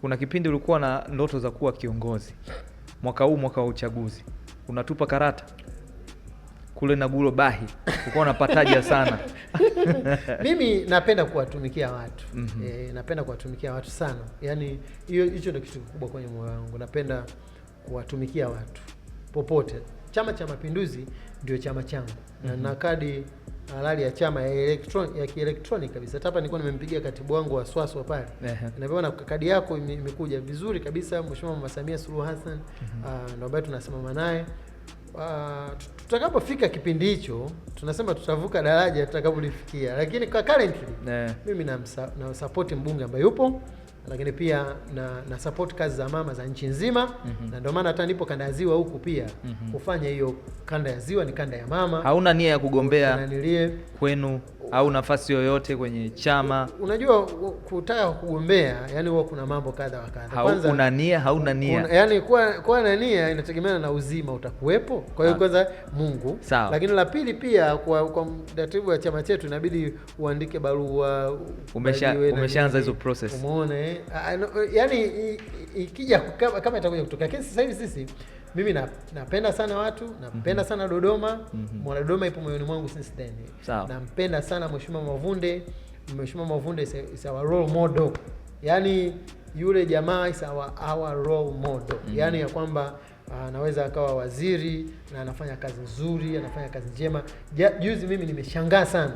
kuna kipindi ulikuwa na ndoto za kuwa kiongozi, mwaka huu, mwaka wa uchaguzi, unatupa karata kule Nagulo Bahi, ulikuwa unapataja sana mimi napenda kuwatumikia watu mm -hmm. E, napenda kuwatumikia watu sana, yaani hiyo hicho ndio kitu kikubwa kwenye moyo wangu, napenda kuwatumikia watu popote. Chama cha Mapinduzi ndio chama changu mm -hmm. na mhm. kadi halali ya chama ya elektron, ya kielektroniki kabisa. hapa nilikuwa nimempigia katibu wangu wa Swaswa pale. Napewa na kadi yako imekuja vizuri kabisa Mheshimiwa Mama Samia Suluhu Hassan mhm. ah, ndio ambaye tunasimama naye. Ah, tutakapofika kipindi hicho tunasema tutavuka daraja tutakapolifikia, lakini kwa currently eh. mimi na support mbunge ambaye yupo lakini pia na, na support kazi za mama za nchi nzima mm -hmm. na ndio maana hata nipo kanda ya ziwa huku pia mm -hmm. kufanya hiyo kanda ya ziwa ni kanda ya mama. Hauna nia ya kugombea kwenu au nafasi yoyote kwenye chama. Unajua, kutaka kugombea yani huwa kuna mambo kadha wa kadha. Kwanza una nia, hauna nia yani kuwa, na nia inategemeana na uzima utakuwepo. Kwa hiyo ah. kwanza Mungu Sao. Lakini la pili pia kwa, kwa mratibu wa chama chetu inabidi uandike barua, umesha umeshaanza hizo process, umeona eh? yani ikija kama itakuja kutoka. Lakini sasa hivi sisi mimi na, napenda sana watu, napenda mm -hmm. sana Dodoma mm -hmm. Mwana Dodoma ipo moyoni mwangu since then, nampenda sana sana Mheshimiwa Mavunde. Mheshimiwa Mavunde is, our role model, yani yule jamaa is our, our role model mm -hmm. yaani ya kwamba ah, anaweza akawa waziri na anafanya kazi nzuri, anafanya kazi njema. Juzi mimi nimeshangaa sana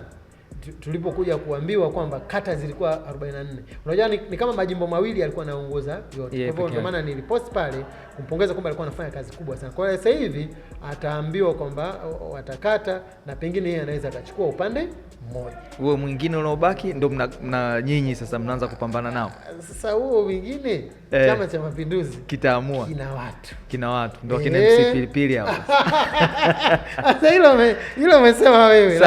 tulipokuja kuambiwa kwamba kata zilikuwa 44. Unajua ni, ni kama majimbo mawili alikuwa anaongoza yote. Yeah, kwa hivyo ndio maana nilipost pale kumpongeza kwamba alikuwa anafanya kazi kubwa sana. Kwa hiyo sasa hivi ataambiwa kwamba watakata na pengine yeye anaweza akachukua upande mmoja. Huo mwingine unaobaki ndio mna, mna nyinyi sasa mnaanza kupambana nao. Sasa huo mwingine eh, Chama cha Mapinduzi kitaamua kina watu. Kina watu ndio eh. kina eh, hapo. Sasa hilo hilo umesema wewe.